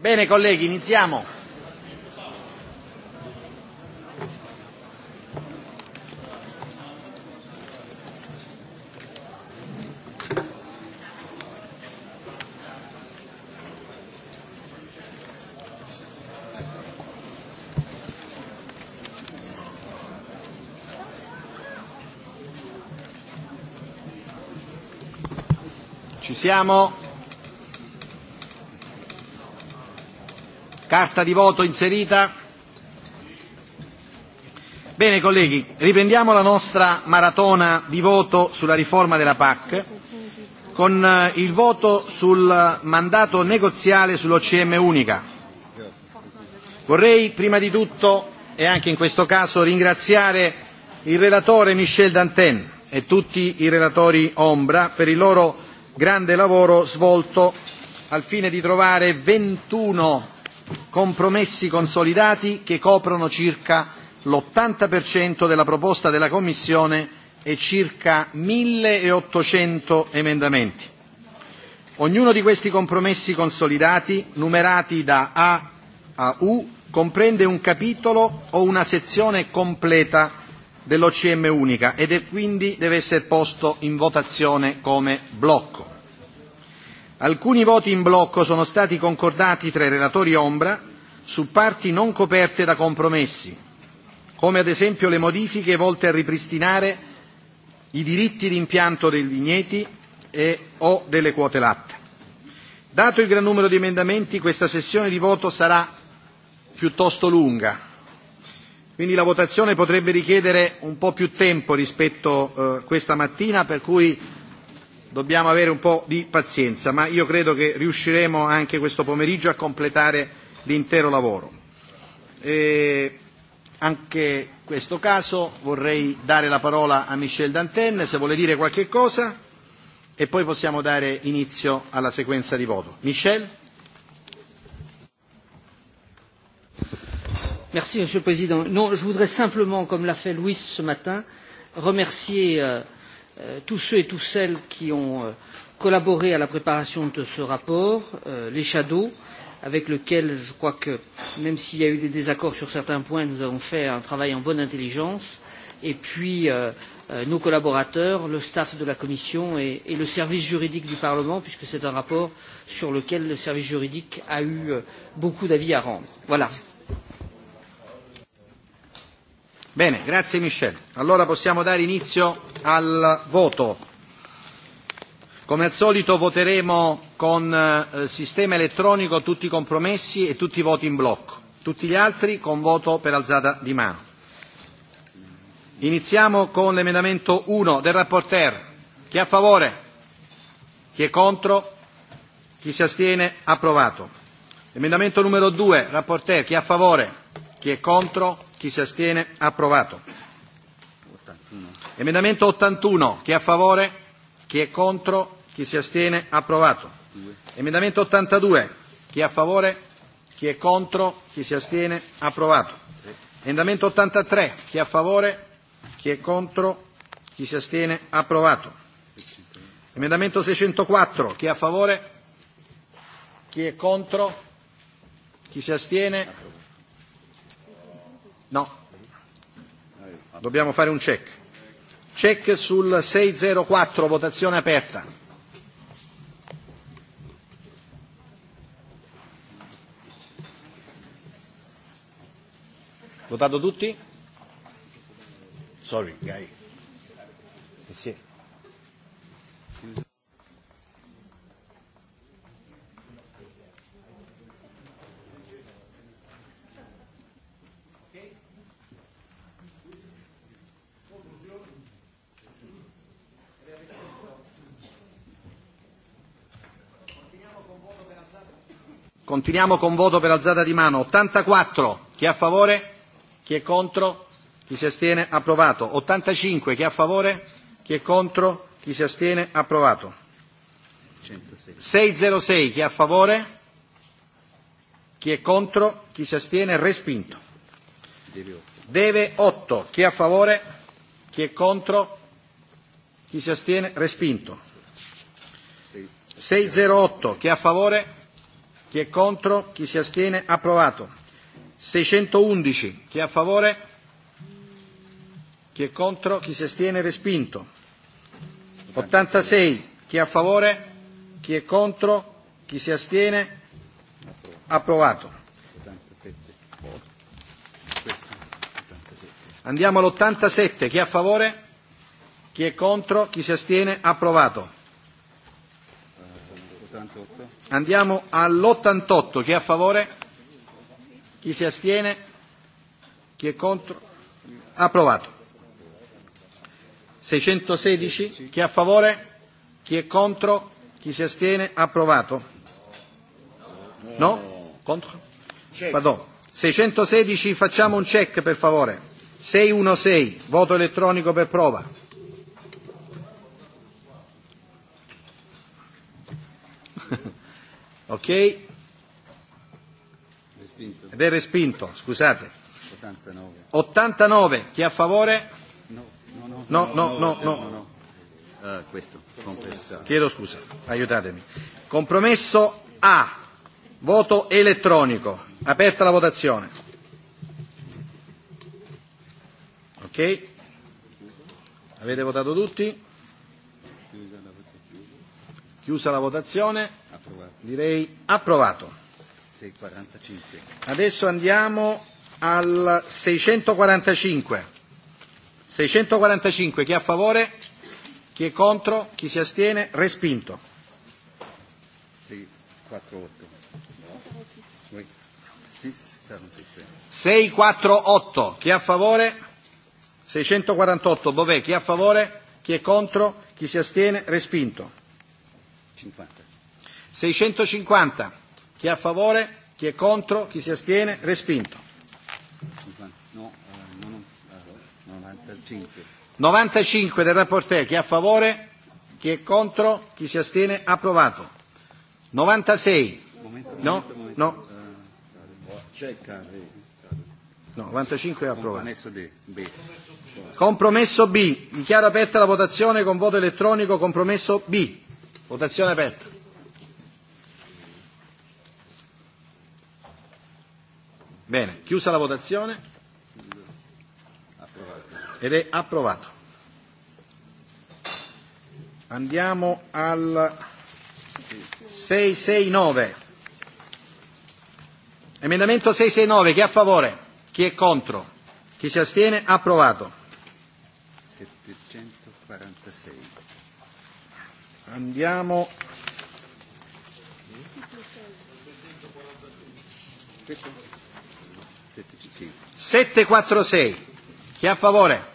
Bene colleghi, iniziamo. Ci siamo. Carta di voto inserita? Bene colleghi, riprendiamo la nostra maratona di voto sulla riforma della PAC con il voto sul mandato negoziale sull'OCM unica. Vorrei prima di tutto e anche in questo caso ringraziare il relatore Michel Dantin e tutti i relatori ombra per il loro grande lavoro svolto al fine di trovare 21 compromessi consolidati che coprono circa l'80% della proposta della Commissione e circa 1.800 emendamenti. Ognuno di questi compromessi consolidati, numerati da A a U, comprende un capitolo o una sezione completa dell'OCM unica ed è quindi deve essere posto in votazione come blocco. Alcuni voti in blocco sono stati concordati tra i relatori ombra su parti non coperte da compromessi, come ad esempio le modifiche volte a ripristinare i diritti di impianto dei vigneti e o delle quote latte. Dato il gran numero di emendamenti, questa sessione di voto sarà piuttosto lunga, quindi la votazione potrebbe richiedere un po' più tempo rispetto a questa mattina, per cui dobbiamo avere un po' di pazienza, ma io credo che riusciremo anche questo pomeriggio a completare l'intero lavoro. Anche in questo caso vorrei dare la parola a Michel d'antenne, se vuole dire qualche cosa e poi possiamo dare inizio alla sequenza di voto. Michel. Merci Monsieur Non, voudrais simplement, come l'a fait Louis ce matin, remercier tous ceux et toutes celles qui ont collaboré à la préparation de ce rapport, les shadows, avec lesquels je crois que, même s'il y a eu des désaccords sur certains points, nous avons fait un travail en bonne intelligence, et puis nos collaborateurs, le staff de la Commission et le service juridique du Parlement, puisque c'est un rapport sur lequel le service juridique a eu beaucoup d'avis à rendre. Voilà. Bene, grazie Michel. Allora possiamo dare inizio al voto. Come al solito voteremo con sistema elettronico tutti i compromessi e tutti i voti in blocco, tutti gli altri con voto per alzata di mano. Iniziamo con l'emendamento 1 del rapporteur. Chi è a favore? Chi è contro? Chi si astiene? Approvato. Emendamento numero 2, rapporteur. Chi è a favore? Chi è contro? Chi si astiene? Approvato. Emendamento 81. Chi è a favore? Chi è contro? Chi si astiene? Approvato. Emendamento 82. Chi è a favore? Chi è contro? Chi si astiene? Approvato. Emendamento 83. Chi è a favore? Chi è contro? Chi si astiene? Approvato. Emendamento 604. Chi è a favore? Chi è contro? Chi si astiene? No. Dobbiamo fare un check. Check sul 604, votazione aperta. Votato tutti? Sorry, Guy. Continuiamo con voto per alzata di mano. 84. Chi è a favore? Chi è contro? Chi si astiene? Approvato. 85. Chi è a favore? Chi è contro? Chi si astiene? Approvato. 606. Chi è a favore? Chi è contro? Chi si astiene? Respinto. Deve 8. Chi è a favore? Chi è contro? Chi si astiene? Respinto. 608. Chi è a favore? Chi è contro? Chi si astiene? Approvato. 611. Chi è a favore? Chi è contro? Chi si astiene? Respinto. 86. Chi è a favore? Chi è contro? Chi si astiene? Approvato. Andiamo all'87. Chi è a favore? Chi è contro? Chi si astiene? Approvato. 88. Andiamo all'88, chi è a favore? Chi si astiene? Chi è contro? Approvato. 616, chi è a favore? Chi è contro? Chi si astiene? Approvato. No? Contro? Pardon. 616, facciamo un check per favore. 616, voto elettronico per prova. Ok? Ed è respinto, scusate. 89. 89, chi è a favore? No, no, no. No, questo, Chiedo scusa, aiutatemi. Compromesso A. Voto elettronico. Aperta la votazione. Ok? Avete votato tutti? Chiusa la votazione, direi approvato. Adesso andiamo al 645. 645, chi è a favore? Chi è contro? Chi si astiene? Respinto. 648, chi a favore? 648, dov'è? Chi è a favore? Chi è contro? Chi si astiene? Respinto. 50. 650. Chi è a favore? Chi è contro? Chi si astiene? Respinto. 95. del rapporto Chi è a favore? Chi è contro? Chi si astiene? Approvato. 96. No, no. No, 95 è approvato. Compromesso B. Dichiaro aperta la votazione con voto elettronico. Compromesso B. Votazione aperta. Bene, chiusa la votazione ed è approvato. Andiamo al 669. Emendamento 669, chi è a favore? Chi è contro? Chi si astiene? Approvato. Andiamo. Sette sei. Chi è a favore?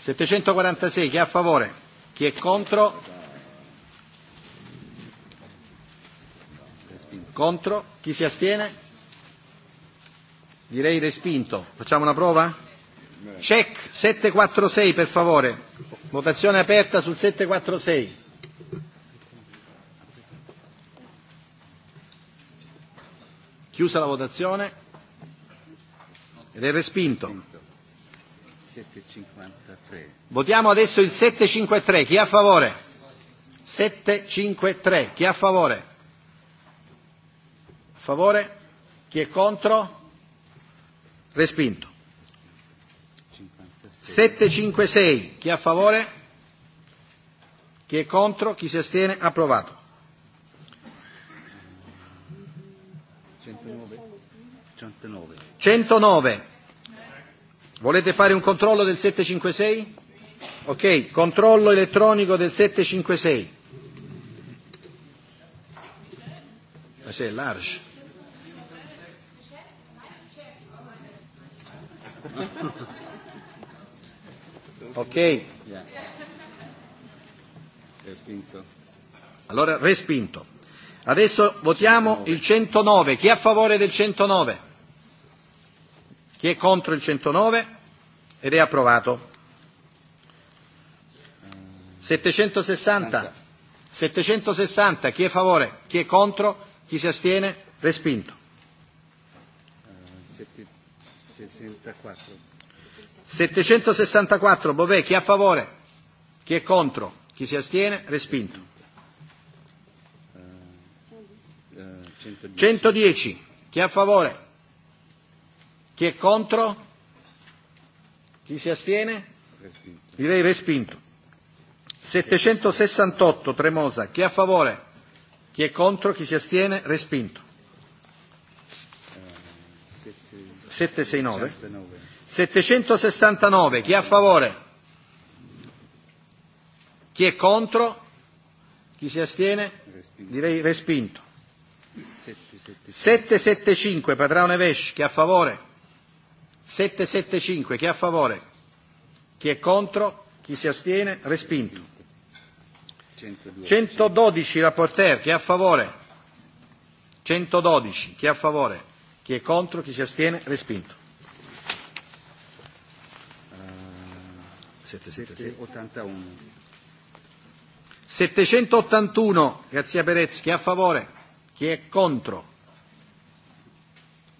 746, chi è a favore? Chi è contro? Contro? Chi si astiene? Direi respinto. Facciamo una prova? Check 746 per favore. Votazione aperta sul 746. Chiusa la votazione ed è respinto. Votiamo adesso il 753. Chi è a favore? 753. Chi è a favore? A favore? Chi è contro? Respinto. 756. Chi è a favore? Chi è contro? Chi si astiene? Approvato. 109. 109. Volete fare un controllo del 756? Ok, controllo elettronico del 756. Ma large. Ok? Respinto. Allora respinto. Adesso votiamo il 109. Chi è a favore del 109? Chi è contro il 109? Ed è approvato. 760. 760. Chi è a favore? Chi è contro? Chi si astiene? Respinto. 64. 764 Bovè, chi è a favore? Chi è contro? Chi si astiene? Respinto. 110. Chi è a favore? Chi è contro? Chi si astiene? Direi respinto. 768 Tremosa. Chi è a favore? Chi è contro? Chi si astiene? Respinto. 769. 769 chi è a favore chi è contro chi si astiene direi respinto 775 Padrone Vesh chi è a favore 775 chi è a favore chi è contro chi si astiene respinto 112 rapporteur chi è a favore 112 chi è a favore chi è contro chi si astiene respinto 781. 781, Grazia Perez, chi a favore? Chi è contro?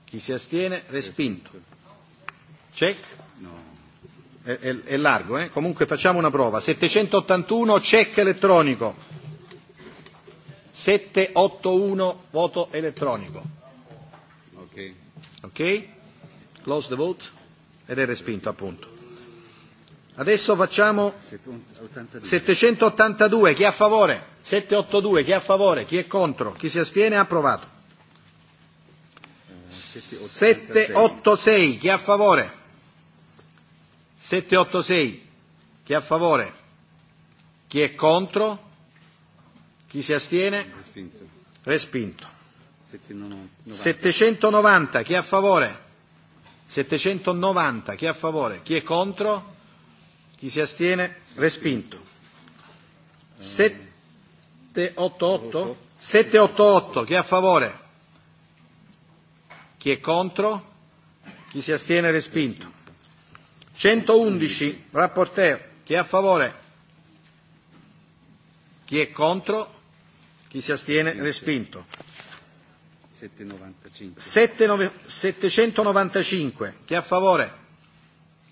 Chi si astiene? Respinto. Check? No. È, è, è largo, eh? Comunque facciamo una prova. 781, check elettronico. 781, voto elettronico. Ok. Ok? Close the vote. Ed è respinto, appunto. Adesso facciamo 782, chi è a favore? 782, chi è a favore? Chi è contro? Chi si astiene? Approvato. 786, chi è a favore? 786, chi è a favore? Chi è contro? Chi si astiene? Respinto. 790, chi è a favore? 790, chi è a favore? Chi è contro? Chi si astiene? Respinto. 788? 788. Chi è a favore? Chi è contro? Chi si astiene? Respinto. 111. Rapporteur. Chi è a favore? Chi è contro? Chi si astiene? Respinto. 795. 795. Chi è a favore?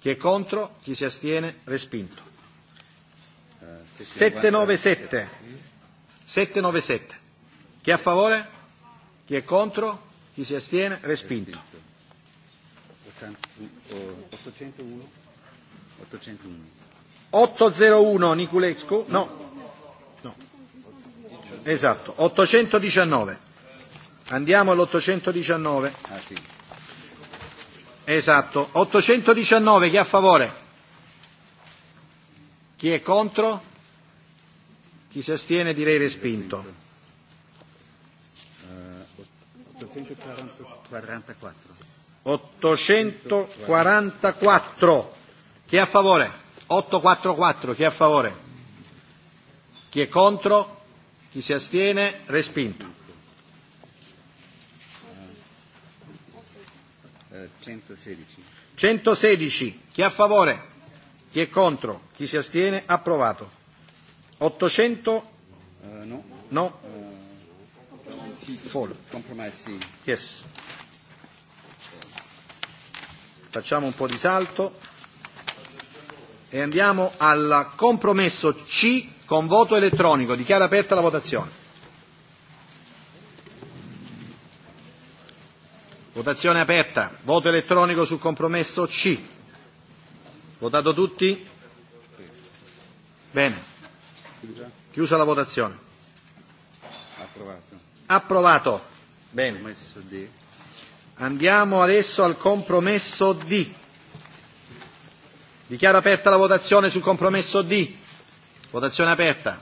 Chi è contro? Chi si astiene? Respinto. 797. 797. Chi è a favore? Chi è contro? Chi si astiene? Respinto. 801. 801. 801 Niculescu? No. no. Esatto. 819. Andiamo all'819. Ah sì. Esatto, 819 chi è a favore? Chi è contro? Chi si astiene direi respinto. 844 chi è a favore? 844 chi è a favore? Chi è contro? Chi si astiene? Respinto. 116. 116. Chi è a favore? Chi è contro? Chi si astiene? Approvato. 800. no. No. Yes. Facciamo un po' di salto e andiamo al compromesso C con voto elettronico. Dichiara aperta la votazione. Votazione aperta. Voto elettronico sul compromesso C. Votato tutti? Bene. Chiusa la votazione. Approvato. Approvato. Bene. Andiamo adesso al compromesso D. Dichiaro aperta la votazione sul compromesso D. Votazione aperta.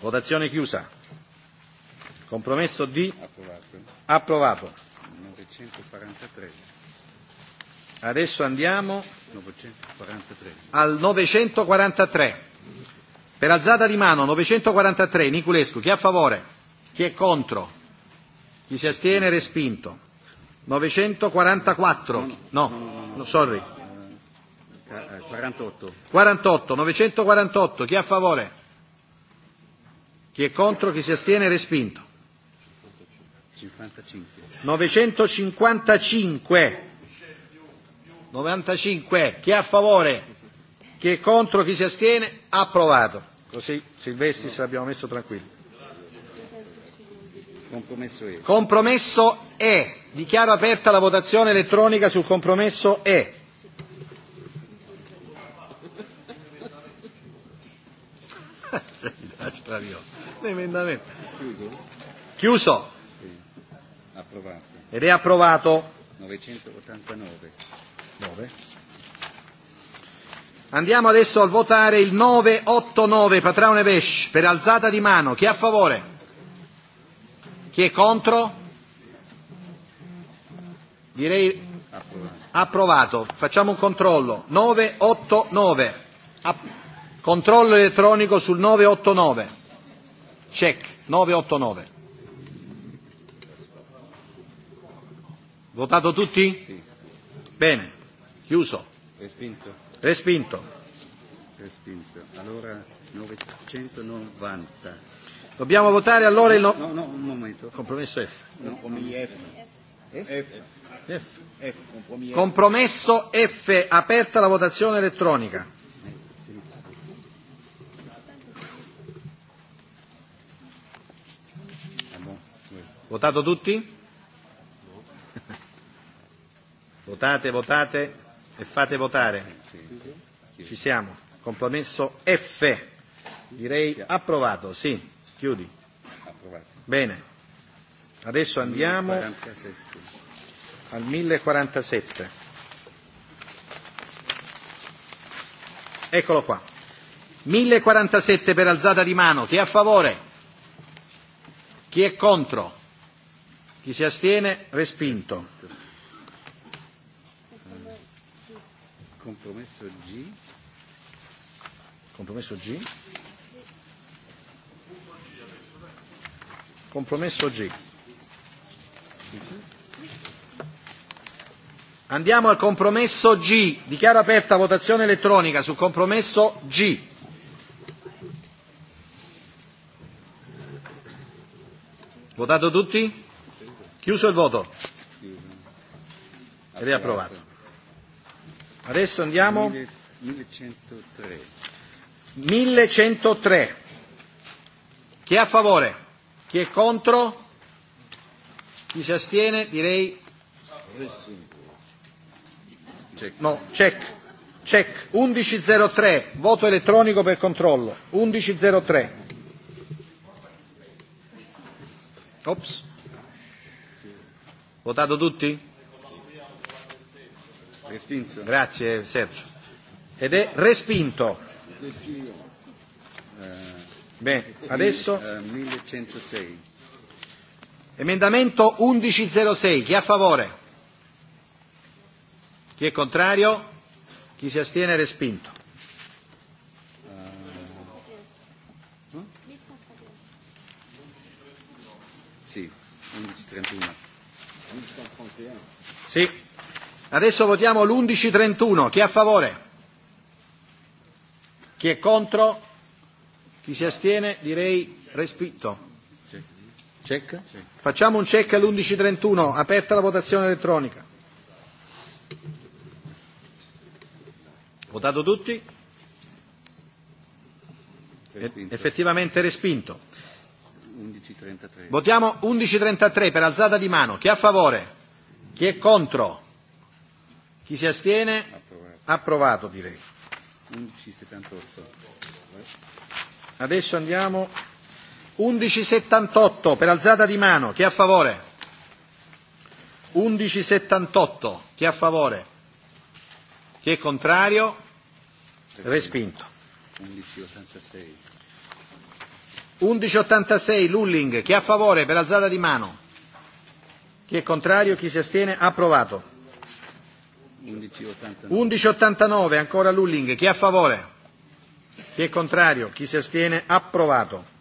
Votazione chiusa. Compromesso D. Approvato. Adesso andiamo al 943. Per alzata di mano 943, Niculescu, chi è a favore? Chi è contro? Chi si astiene? Respinto. 944. No, sorry. 48. 48, 948, chi è a favore? Chi è contro? Chi si astiene? Respinto. 955. 95. Chi è a favore? Chi è contro? Chi si astiene? Approvato. Così se l'abbiamo messo tranquillo. Compromesso E. Compromesso E. Dichiaro aperta la votazione elettronica sul compromesso E. Chiuso approvato. Ed è approvato. 989. 9. Andiamo adesso a votare il 989 Patraone per alzata di mano. Chi è a favore? Chi è contro? Direi approvato. Facciamo un controllo. 989. Controllo elettronico sul 989. Check. 989. Votato tutti? Sì. Bene. Chiuso. Respinto. Respinto. Respinto. Allora 990. Dobbiamo votare allora il no... No, no, un momento. Compromesso F. No, F. F. F. F. Compromesso F. Aperta la votazione elettronica. Votato tutti? Votate, votate e fate votare. Ci siamo. Compromesso F. Direi approvato, sì. Chiudi. Bene. Adesso andiamo al 1047. Eccolo qua. 1047 per alzata di mano. Chi è a favore? Chi è contro? Chi si astiene? Respinto. compromesso G. Compromesso G. Compromesso G. Andiamo al compromesso G. Dichiaro aperta votazione elettronica sul compromesso G. Votato tutti? Chiuso il voto. Ed è approvato. Adesso andiamo 1103. Chi è a favore? Chi è contro? Chi si astiene? Direi No, check. Check 1103, voto elettronico per controllo. 1103. Ops. Votato tutti? Respinto. Grazie Sergio. Ed è respinto. Bene, adesso 1106. Emendamento 1106, chi è a favore? Chi è contrario? Chi si astiene respinto. Sì, 1131. Sì. Adesso votiamo l'11.31. Chi è a favore? Chi è contro? Chi si astiene? Direi respinto. Facciamo un check all'11.31. Aperta la votazione elettronica. Votato tutti? Effettivamente respinto. Votiamo 11.33 per alzata di mano. Chi è a favore? Chi è contro? Chi si astiene? Approvato, direi. Adesso andiamo 1178 per alzata di mano, chi è a favore? 1178, chi è a favore? Chi è contrario? Respinto. 1186. 1186 Lulling, chi è a favore per alzata di mano? Chi è contrario, chi si astiene? Approvato. 1189, ancora Lulling. Chi è a favore? Chi è contrario? Chi si astiene? Approvato.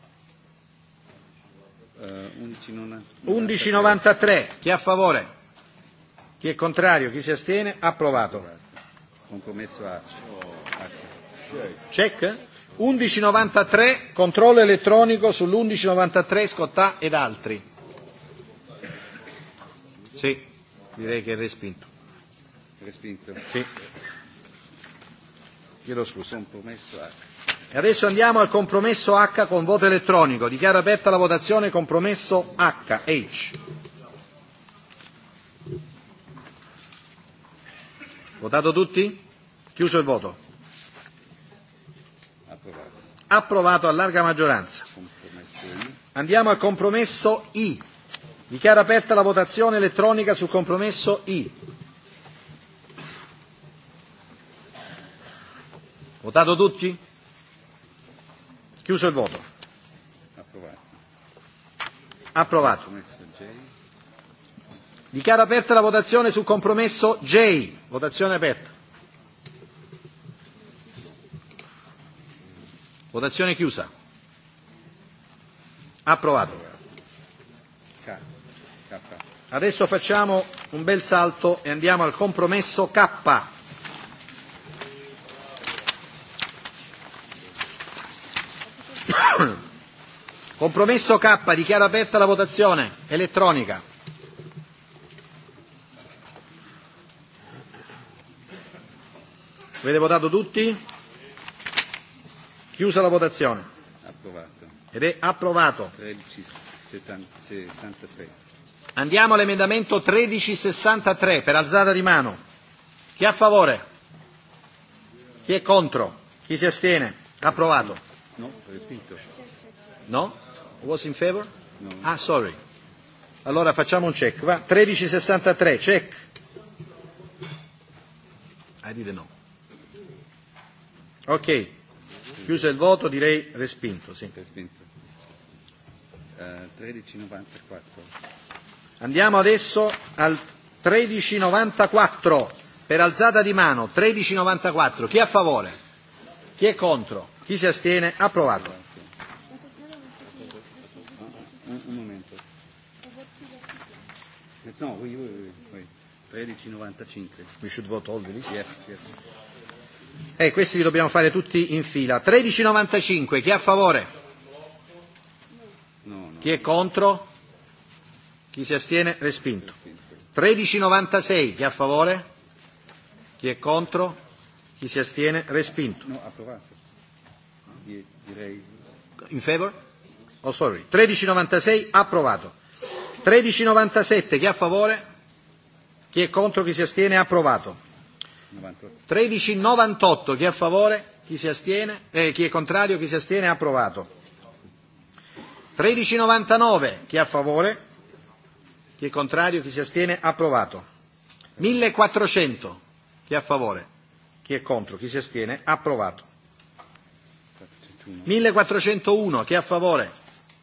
1193. Chi è a favore? Chi è contrario? Chi si astiene? Approvato. Compromesso A. Check. 1193. Controllo elettronico sull'1193 Scottà ed altri. Sì, direi che è respinto. Respinto. Sì. Chiedo scusa. Compromesso E adesso andiamo al compromesso H con voto elettronico. Dichiaro aperta la votazione compromesso H. H. Votato tutti? Chiuso il voto. Approvato. Approvato a larga maggioranza. Andiamo al compromesso I. Dichiara aperta la votazione elettronica sul compromesso I. Votato tutti? Chiuso il voto. Approvato. Approvato. Dichiaro aperta la votazione sul compromesso J. Votazione aperta. Votazione chiusa. Approvato. Adesso facciamo un bel salto e andiamo al compromesso K. Compromesso K, dichiaro aperta la votazione elettronica. Avete votato tutti? Chiusa la votazione. Approvato. Ed è approvato. 1363. Andiamo all'emendamento 1363 per alzata di mano. Chi è a favore? Chi è contro? Chi si astiene? Approvato. No, respinto. No? Was in favor? Ah, sorry. Allora facciamo un check. Va, 1363, check. I didn't no. Ok, chiuso il voto direi respinto. Sì. Respinto. 1394. Andiamo adesso al 1394 per alzata di mano 1394 chi è a favore chi è contro chi si astiene approvato un momento. No, oui, oui, oui. 13,95. We should vote all the list? Yes, yes. Eh, questi li dobbiamo fare tutti in fila. 13,95, chi è a favore? No, no. Chi è contro? Chi si astiene? Respinto. 13,96, chi è a favore? Chi è contro? Chi si astiene? Respinto. No, approvato. Direi. In favor? oh sorry, 1396 approvato, 1397 chi è a favore, chi è contro, chi si astiene approvato, 1398 chi è a favore, chi si astiene, chi è contrario, chi si astiene approvato, 1399 chi è a favore, chi è contrario, chi si astiene approvato, 1400 chi è a favore, chi è contro, chi si astiene approvato. 1401 chi è a favore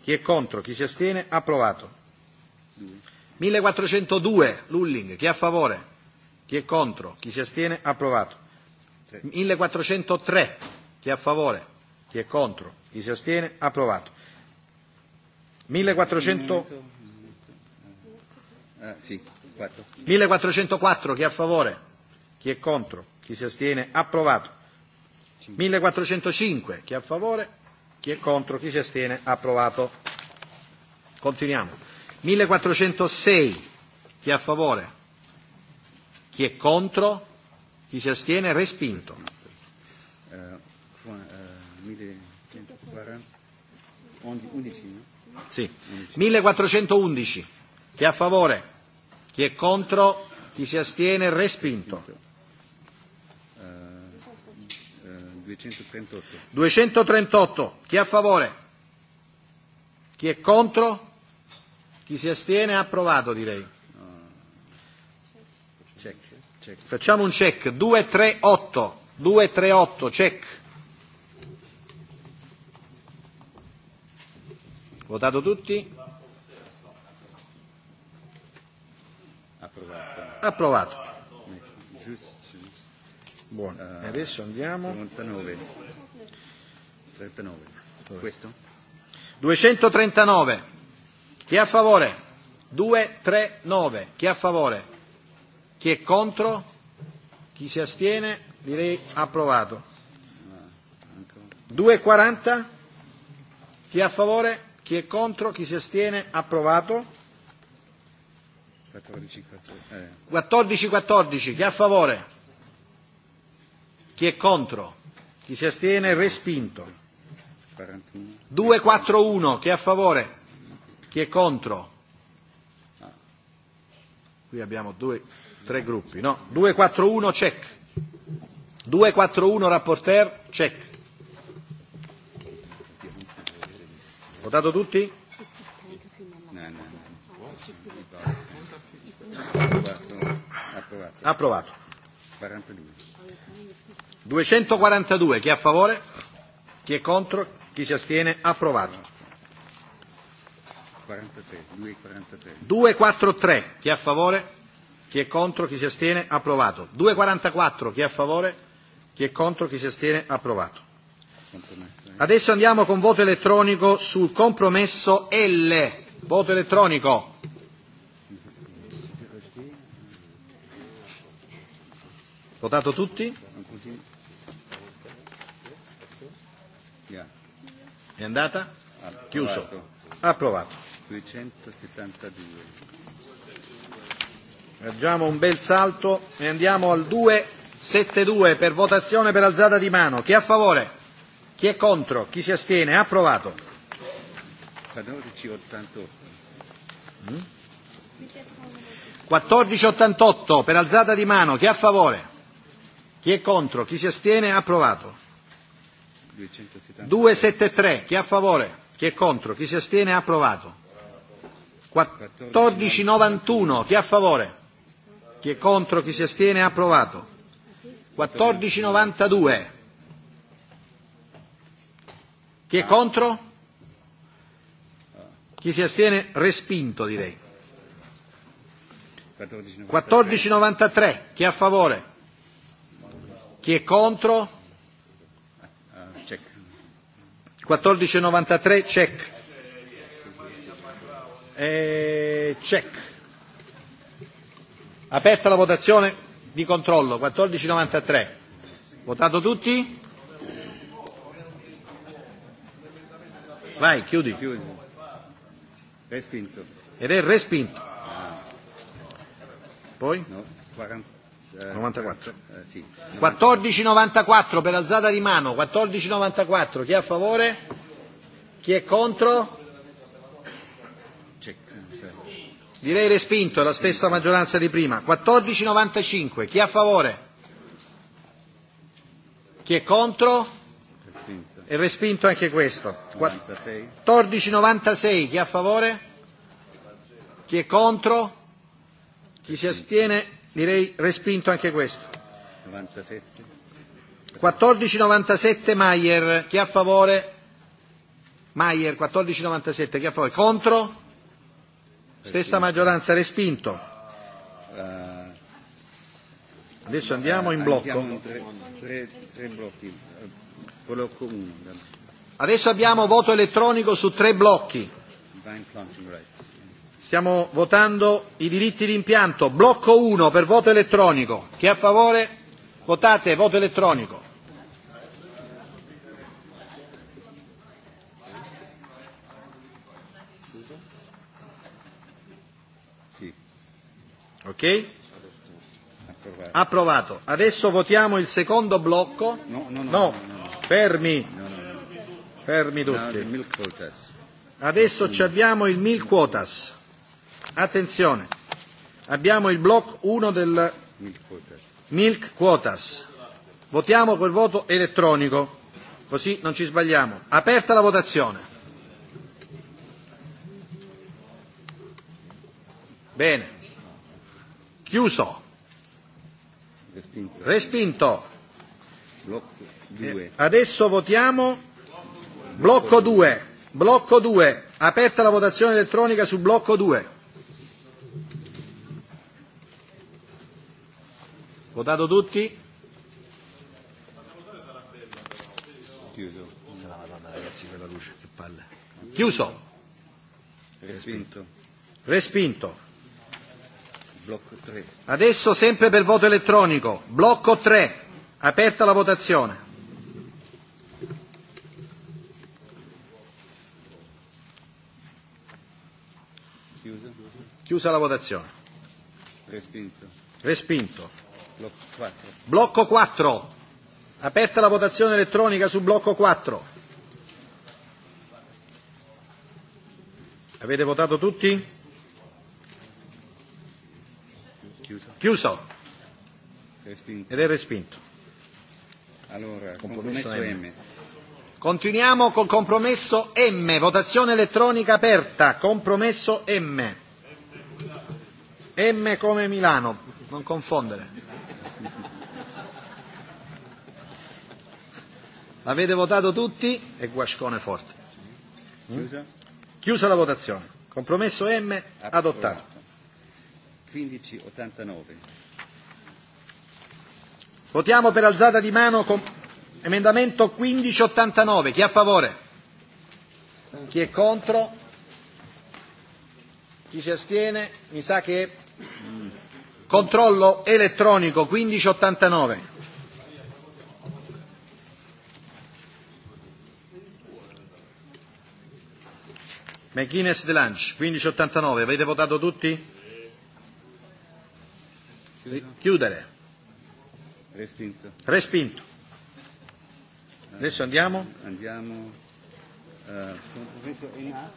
Chi è contro? Chi si astiene? Approvato. 1402 Lulling, chi è a favore? Chi è contro? Chi si astiene? Approvato. 1403, chi è a favore? Chi è contro? Chi si astiene? Approvato. 1400... 1404, chi è a favore? Chi è contro? Chi si astiene? Approvato. 1405, chi è a favore? Chi è contro? Chi si astiene? Approvato. Continuiamo. 1406. Chi è a favore? Chi è contro? Chi si astiene? Respinto. 1411. Chi è a favore? Chi è contro? Chi si astiene? Respinto. 238. 238. Chi è a favore? Chi è contro? Chi si astiene? Approvato direi. Check. Check. Facciamo un check. 238. 238. Check. Votato tutti? Approvato. Approvato. Buono, e adesso andiamo... 39. 39. Questo? 239. Chi è a favore? 239. Chi è a favore? Chi è contro? Chi si astiene? Direi approvato. 240. Chi è a favore? Chi è contro? Chi si astiene? Approvato. 14-14. Chi è a favore? Chi è contro? Chi si astiene? Respinto. 241. Chi è a favore? Chi è contro? Qui abbiamo due, tre gruppi. No. 241. Check. 241. rapporter Check. Votato tutti? Approvato. 242 chi è a favore, chi è contro, chi si astiene, approvato. 243 chi è a favore, chi è contro, chi si astiene, approvato. 244 chi è a favore, chi è contro, chi si astiene, approvato. Adesso andiamo con voto elettronico sul compromesso L. Voto elettronico. Votato tutti? È andata? Chiuso. Approvato. 272. Facciamo un bel salto e andiamo al 272 per votazione per alzata di mano. Chi è a favore? Chi è contro? Chi si astiene? Approvato. 1488. 1488 per alzata di mano. Chi è a favore? Chi è contro? Chi si astiene? Approvato. 273 chi è a favore chi è contro chi si astiene approvato 1491 chi è a favore chi è contro chi si astiene approvato 1492 chi è contro chi si astiene respinto direi 1493 chi è a favore chi è contro 1493 check. check. Aperta la votazione di controllo 1493. Votato tutti? Vai, chiudi. Chiudi. Respinto. Ed è respinto. Poi? 94. sì. 1494 per alzata di mano, 1494, chi è a favore? Chi è contro? Direi respinto, la stessa maggioranza di prima. 1495, chi è a favore? Chi è contro? È respinto anche questo. 1496, chi è a favore? Chi è contro? Chi si astiene? Direi respinto anche questo. 97. 1497 Maier, chi a favore? Maier, 1497, chi a favore? Contro? Stessa maggioranza, respinto. Adesso andiamo in blocco. Adesso abbiamo voto elettronico su tre blocchi. Stiamo votando i diritti di impianto. Blocco 1 per voto elettronico. Chi è a favore? Votate, voto elettronico. Sì. Ok? Approvato. Adesso votiamo il secondo blocco. No, no, no. Fermi. Fermi tutti. Adesso ci abbiamo il mil quotas. Attenzione, abbiamo il blocco 1 del Milk Quotas. Votiamo col voto elettronico, così non ci sbagliamo. Aperta la votazione. Bene. Chiuso. Respinto. Respinto. Adesso votiamo blocco 2. Blocco 2. Aperta la votazione elettronica sul blocco 2. Votato tutti? Chiuso. da ragazzi, quella luce, che palle. Chiuso. Respinto. Respinto. Blocco 3. Adesso sempre per voto elettronico. Blocco 3. Aperta la votazione. Chiusa la votazione. Respinto. Respinto. Blocco 4. Blocco 4. Aperta la votazione elettronica su blocco 4. Avete votato tutti? Chiuso. Ed è respinto. Allora, M. Continuiamo col compromesso M. Votazione elettronica aperta. Compromesso M. M come Milano. Non confondere. Avete votato tutti? E guascone forte. Chiusa. la votazione. Compromesso M adottato. 1589. Votiamo per alzata di mano con emendamento 1589. Chi è a favore? Chi è contro? Chi si astiene? Mi sa che controllo elettronico 1589. McGuinness De Lange, 1589, avete votato tutti? Chiudere. Respinto. Respinto. Adesso andiamo? Andiamo. compromesso NA.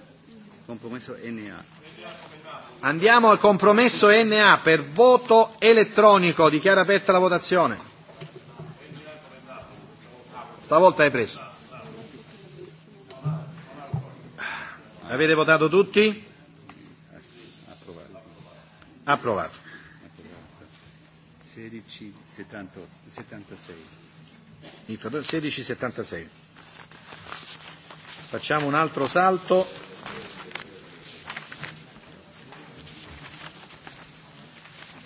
Compromesso NA. Andiamo al compromesso NA per voto elettronico. Dichiara aperta la votazione. Stavolta hai preso. Avete votato tutti? Approvato. 1676. 1676. Facciamo un altro salto.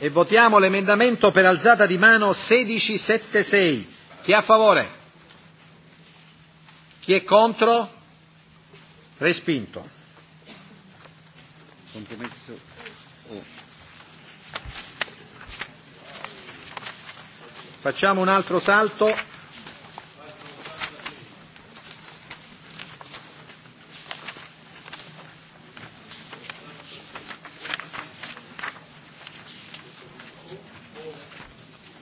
E votiamo l'emendamento per alzata di mano 1676. Chi è a favore? Chi è contro? Respinto. Facciamo un altro salto.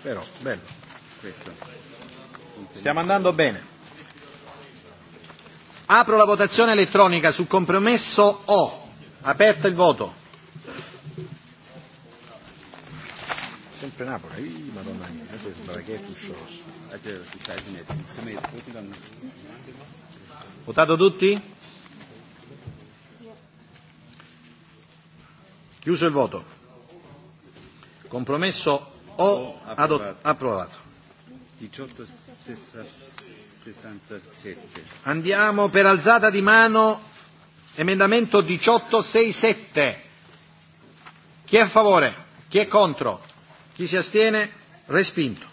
Però, bello questo. Stiamo andando bene. Apro la votazione elettronica sul compromesso O. Aperto il voto. Sempre Napoli, madonna mia, questo sembra che è fuscioso. Votato tutti? Chiuso il voto. Compromesso O approvato. Andiamo per alzata di mano emendamento 1867. Chi è a favore? Chi è contro? Chi si astiene? Respinto.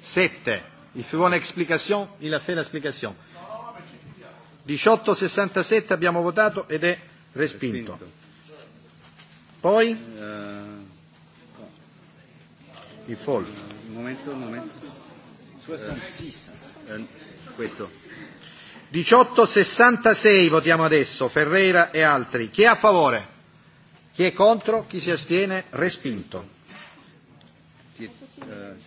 Sette. Il explication, il fait l'explication. 1867 abbiamo votato ed è respinto. Poi il fall. Un momento, un momento. 66. questo. 1866 votiamo adesso, Ferreira e altri. Chi è a favore? Chi è contro? Chi si astiene? Respinto.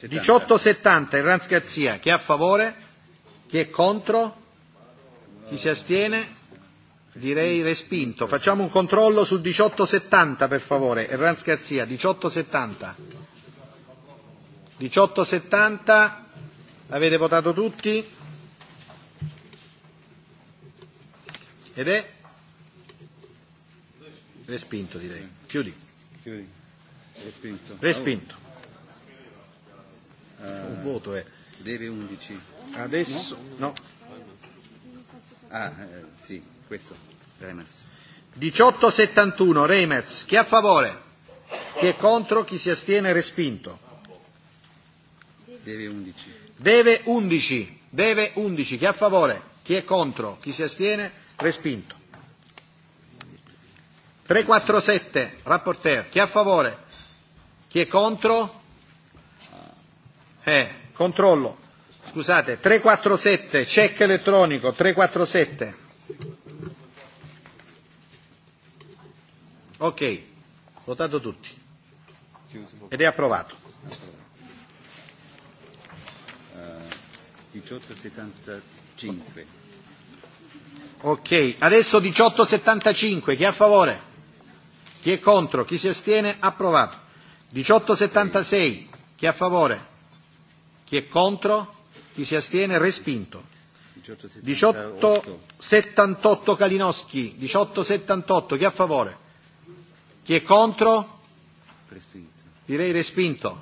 1870 Erranz Garzia. Chi è a favore? Chi è contro? Chi si astiene? Direi respinto. Facciamo un controllo sul 1870 per favore. Erranz 1870. 1870, avete votato tutti? Ed è respinto direi. Chiudi. Chiudi. Respinto. Respinto. Un voto è. Deve 11. Adesso no. Ah, sì questo 1871 Reimers chi è a favore chi è contro chi si astiene respinto deve 11 deve 11 deve 11 chi è a favore chi è contro chi si astiene respinto 347 rapporteur chi è a favore chi è contro eh controllo scusate 347 check elettronico 347 Ok, votato tutti. Ed è approvato. 1875. Ok, adesso 1875, chi è a favore? Chi è contro? Chi si astiene? Approvato. 1876, chi è a favore? Chi è contro? Chi si astiene? Respinto. 1878 Kalinowski, 1878, chi è a favore? Chi è contro? Direi respinto.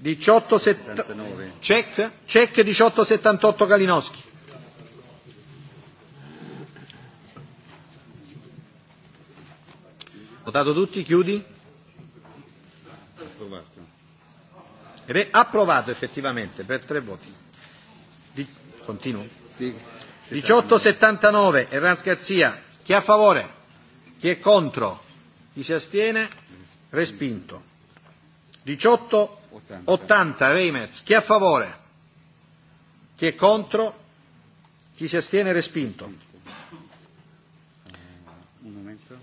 1879. Check, check 1878 Kalinowski. Votato tutti, chiudi. Approvato. Ed è approvato effettivamente per tre voti. Di, continuo. Sì. 1879, Erranz Garzia. Chi è a favore? Chi è contro? Chi si astiene? Respinto. 18 80 Reimers. Chi è a favore? Chi è contro? Chi si astiene? Respinto. Un momento.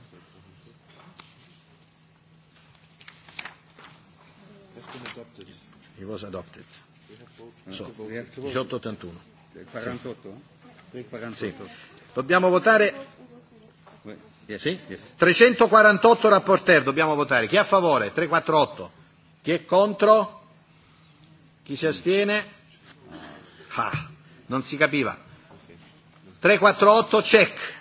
It was adopted. So, Dobbiamo votare 348 rapporteur, dobbiamo votare. Chi è a favore? 348. Chi è contro? Chi si astiene? Ah, non si capiva. 348 check.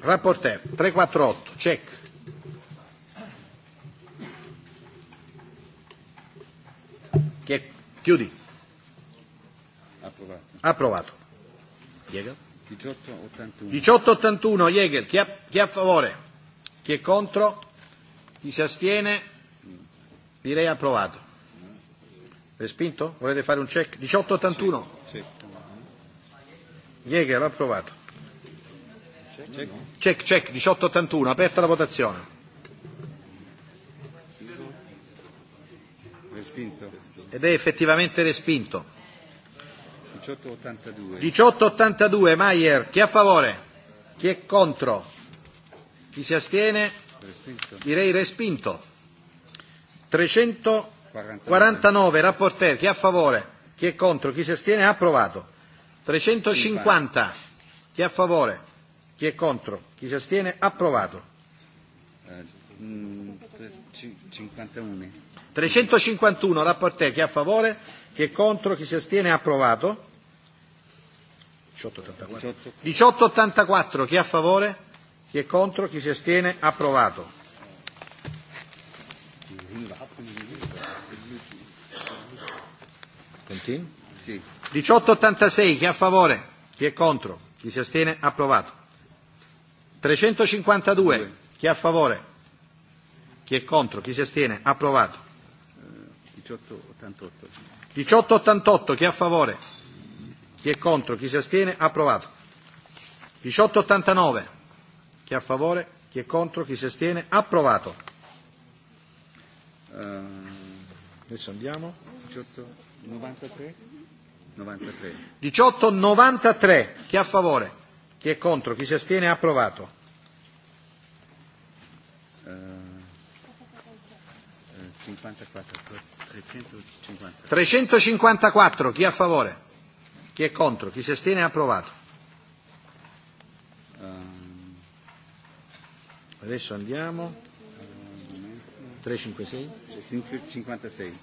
Rapporteur 348 check. Chi Chiudi. Approvato. Approvato. 1881. 1881, Jäger, chi chi a favore? Chi è contro? Chi si astiene? Direi approvato. Respinto? Volete fare un check? 1881? Sì. Jäger, approvato. Check, check, check 1881, aperta la votazione. Respinto. Ed è effettivamente respinto. 1882. 1882 Maier, chi è a favore? Chi è contro? Chi si astiene? Direi respinto. 349 rapporter, chi è a favore? Chi è contro? Chi si astiene? Approvato. 350, chi è a favore? Chi è contro? Chi si astiene? Approvato. 351 rapporter, chi è a favore? Chi è contro? Chi si astiene? Approvato. 1884. 1884. Chi è a favore? Chi è contro? Chi si astiene? Approvato. Continua? Sì. 1886. Chi è a favore? Chi è contro? Chi si astiene? Approvato. 352. Chi è a favore? Chi è contro? Chi si astiene? Approvato. 1888. 1888. Chi è a favore? Chi è contro? Chi si astiene? Approvato. 1889. Chi è a favore? Chi è contro? Chi si astiene? Approvato. Adesso andiamo. 1893. 93. 1893. Chi è a favore? Chi è contro? Chi si astiene? Approvato. 354. 354. Chi è a favore? Chi è contro? Chi si astiene? Approvato. Adesso andiamo. 356? 56.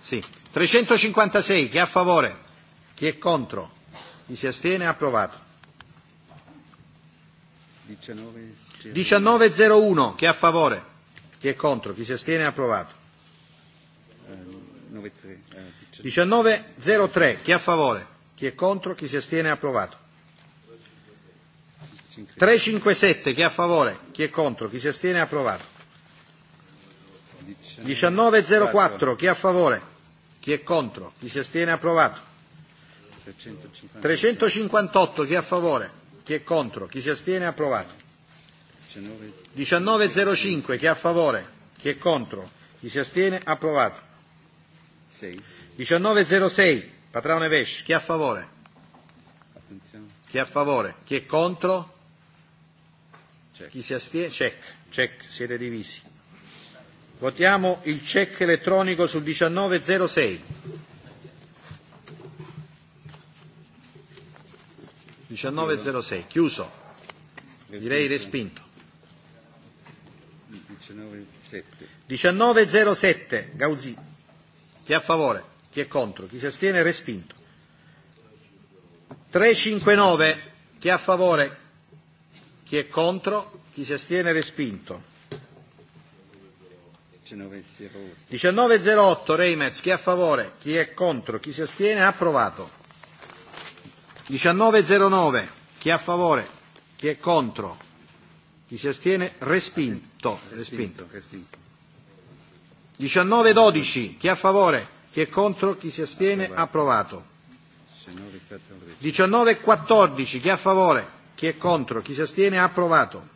Sì. 356. Chi è a favore? Chi è contro? Chi si astiene? Approvato. 1901. Chi è a favore? Chi è contro? Chi si astiene? Approvato. 93. 1903, chi è a favore? Chi è contro? Chi si astiene? Approvato. 357, chi a favore? Chi è contro? Chi si astiene? Approvato. 1904, chi è a favore? Chi è contro? Chi si astiene? Approvato. 358, chi è a favore? Chi è contro? Chi si astiene? Approvato. 1905, chi è a favore? Chi è contro? Chi si astiene? Approvato. 1906 Patrone Vesci, chi è a favore? Chi è a favore? Chi è contro? Chi si astiene? Check. Check, siete divisi. Votiamo il check elettronico sul 1906. 1906, chiuso. Direi respinto. 1907. 1907, Gauzì. Chi è a favore? Chi è contro? Chi si astiene? Respinto. 359. Chi è a favore? Chi è contro? Chi si astiene? Respinto. 1908 Reimez, chi è a favore, chi è contro, chi si astiene, approvato. 1909, chi è a favore, chi è contro, chi si astiene, respinto. respinto. 1912, chi è a favore, Chi è contro? Chi si astiene? Approvato. 19 e 14. Chi è a favore? Chi è contro? Chi si astiene? Approvato.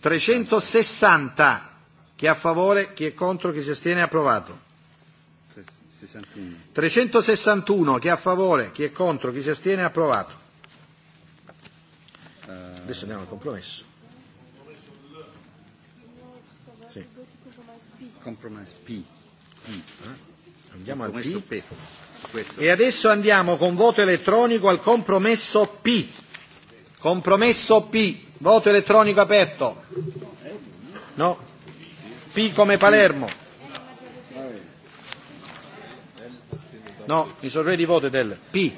360. Chi è a favore? Chi è contro? Chi si astiene? Approvato. 361. Chi è a favore? Chi è contro? Chi si astiene? Approvato. Adesso andiamo al compromesso. Andiamo P. E adesso andiamo con voto elettronico al compromesso P. Compromesso P. Voto elettronico aperto. No. P come Palermo. No, mi sono di voto del P.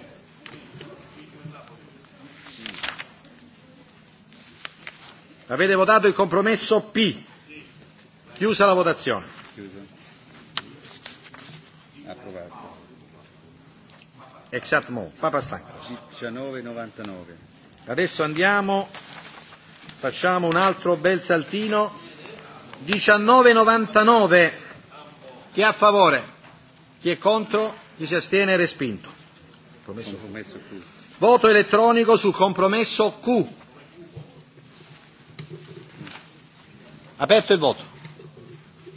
Avete votato il compromesso P. Chiusa la votazione. Εξατμό, Παπαστάκος. 19,99. Adesso andiamo, facciamo un altro bel saltino. 19,99. Chi è a favore? Chi è contro? Chi si astiene? Respinto. Voto elettronico sul compromesso Q. Aperto il voto.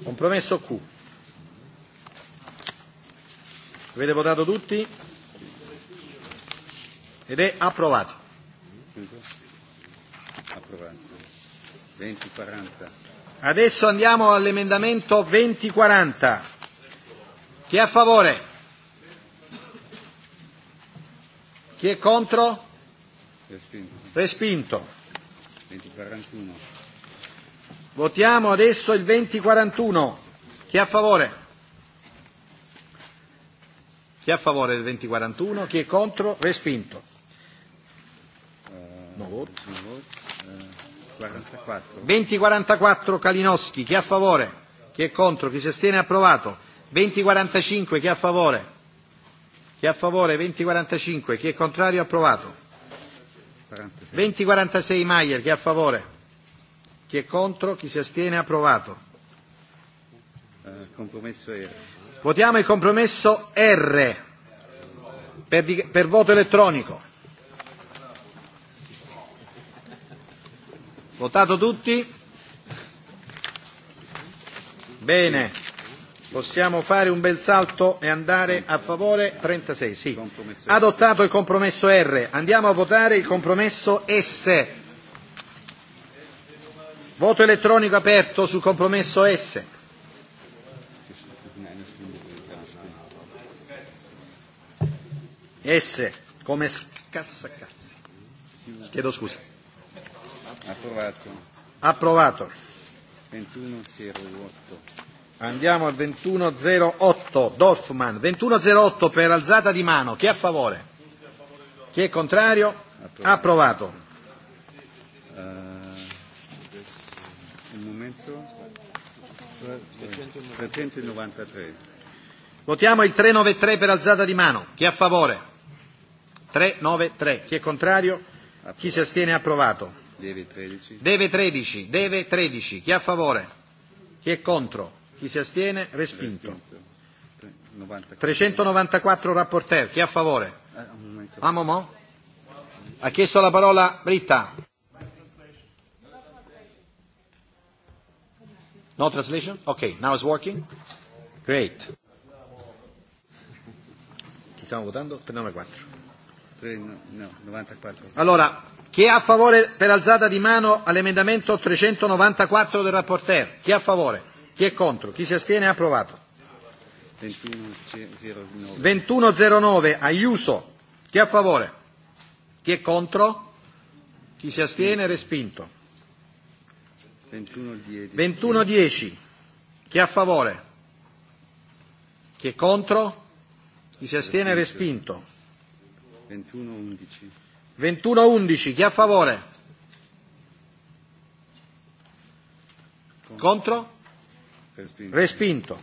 Compromesso Q. Avete votato tutti? ed è approvato. Adesso andiamo all'emendamento 2040. Chi è a favore? Chi è contro? Respinto. Respinto. 2041. Votiamo adesso il 2041. Chi è a favore? Chi è a favore del 2041? Chi è contro? Respinto. 2044 Kalinowski, chi è a favore? Chi è contro? Chi si astiene? Approvato. 2045, chi è a favore? Chi è a favore? 2045, chi è contrario? Approvato. 2046 Maier, chi è a favore? Chi è contro? Chi si astiene? Approvato. Compromesso R. Votiamo il compromesso R per, per voto elettronico. Votato tutti? Bene, possiamo fare un bel salto e andare a favore 36, sì. Adottato il compromesso R, andiamo a votare il compromesso S. Voto elettronico aperto sul compromesso S. S, come scassa cazzo. Chiedo scusa. Approvato. Approvato. 2108. Andiamo al 2108, Dorfman, 2108 per alzata di mano, chi è a favore? Chi è contrario? Approvato. Un momento. 393. Votiamo il 393 per alzata di mano, chi è a favore? 393, chi è contrario? Chi si astiene? Approvato. Deve 13. Deve 13. Deve 13. Chi è a favore? Chi è contro? Chi si astiene? Respinto. 394 rapporteur. Chi è a favore? A Momo? Ha chiesto la parola Britta. No translation? Ok, now it's working. Great. Chi stiamo votando? 394. Allora, Chi è a favore per alzata di mano all'emendamento 394 del rapporteur? Chi è a favore? Chi è contro? Chi si astiene? Approvato. 2109 Aiuso. Chi è a favore? Chi è contro? Chi si astiene? Respinto. 2110. Chi è a favore? Chi è contro? Chi si astiene? Respinto. 2111. 21-11, chi è a favore? Contro? Respinto.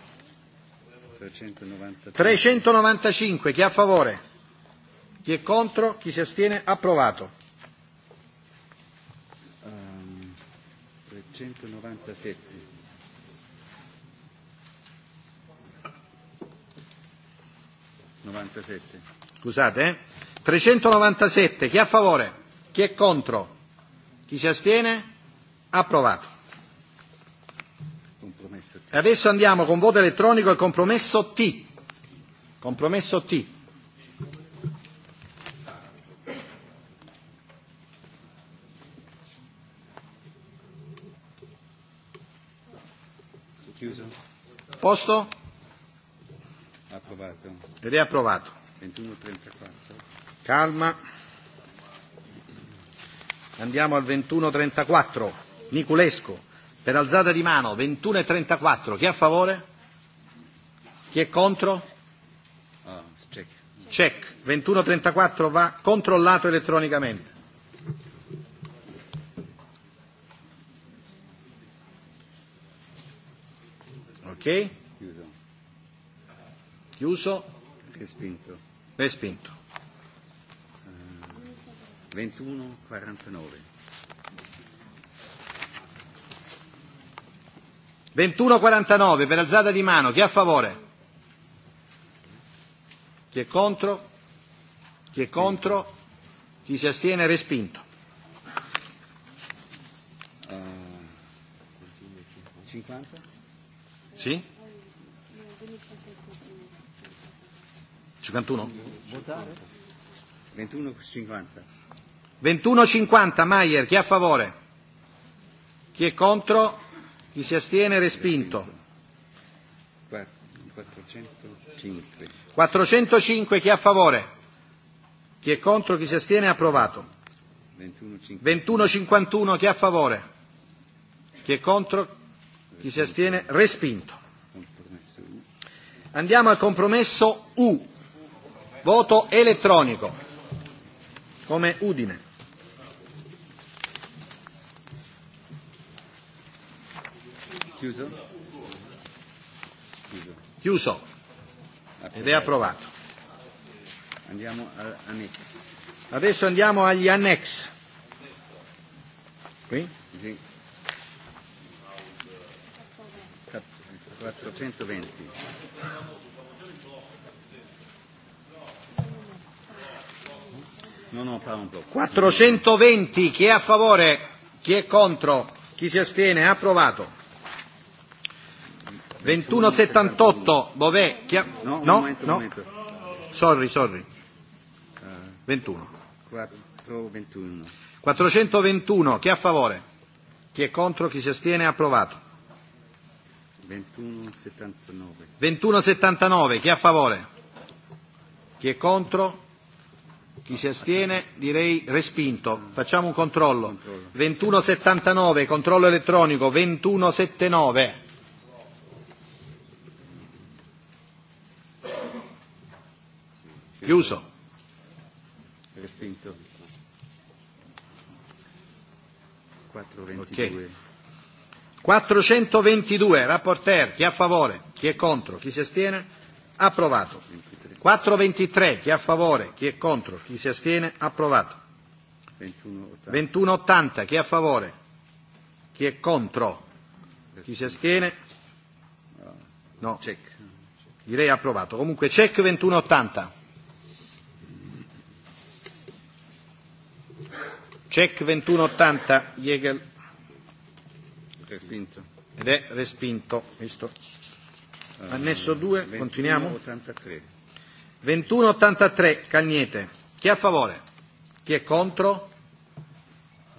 395, chi è a favore? Chi è contro? Chi si astiene? Approvato. 397. Scusate, eh? 397 chi è a favore? Chi è contro? Chi si astiene? Approvato. E adesso andiamo con voto elettronico e compromesso T. Compromesso T. Posto? Approvato. Ed è approvato. Calma. Andiamo al 21.34. Niculesco. Per alzata di mano 21.34. Chi è a favore? Chi è contro? Check. Check. 21.34 va controllato elettronicamente. Ok? Chiuso. Respinto. Respinto. 21 49 per alzata di mano, chi è a favore? Chi è contro? Chi è contro? Chi si astiene respinto. 50? Sì? 51? Votare? 21 50. 21.50 Maier, chi è a favore? Chi è contro? Chi si astiene? Respinto. 405. 405 chi è a favore? Chi è contro? Chi si astiene? Approvato. 21.51 chi è a favore? Chi è contro? Chi si astiene? Respinto. Andiamo al compromesso U. Voto elettronico. Come Udine. Chiuso? Chiuso. Ed è approvato. Andiamo all'annex. Adesso andiamo agli annex. Qui? Sì. 420. No, no, parla un po'. 420, chi è a favore? Chi è contro? Chi si astiene? Approvato. 2178 Bovè no, no, sorry sorry 21 421 421 chi è a favore chi è contro chi si astiene approvato 2179 2179 chi è a favore chi è contro chi si astiene direi respinto facciamo un controllo 2179 controllo elettronico 2179 Chiuso. Respinto. 422. 422, rapporteur, chi è a favore, chi è contro, chi si astiene, approvato. 423, chi è a favore, chi è contro, chi si astiene, approvato. 2180, chi è a favore, chi è contro, chi si astiene, no, direi approvato. Comunque, check 2180. Check 2180, Jägel. Respinto. Ed è respinto, visto. Annesso 2, continuiamo. 2183, Cagnete. Chi è a favore? Chi è contro?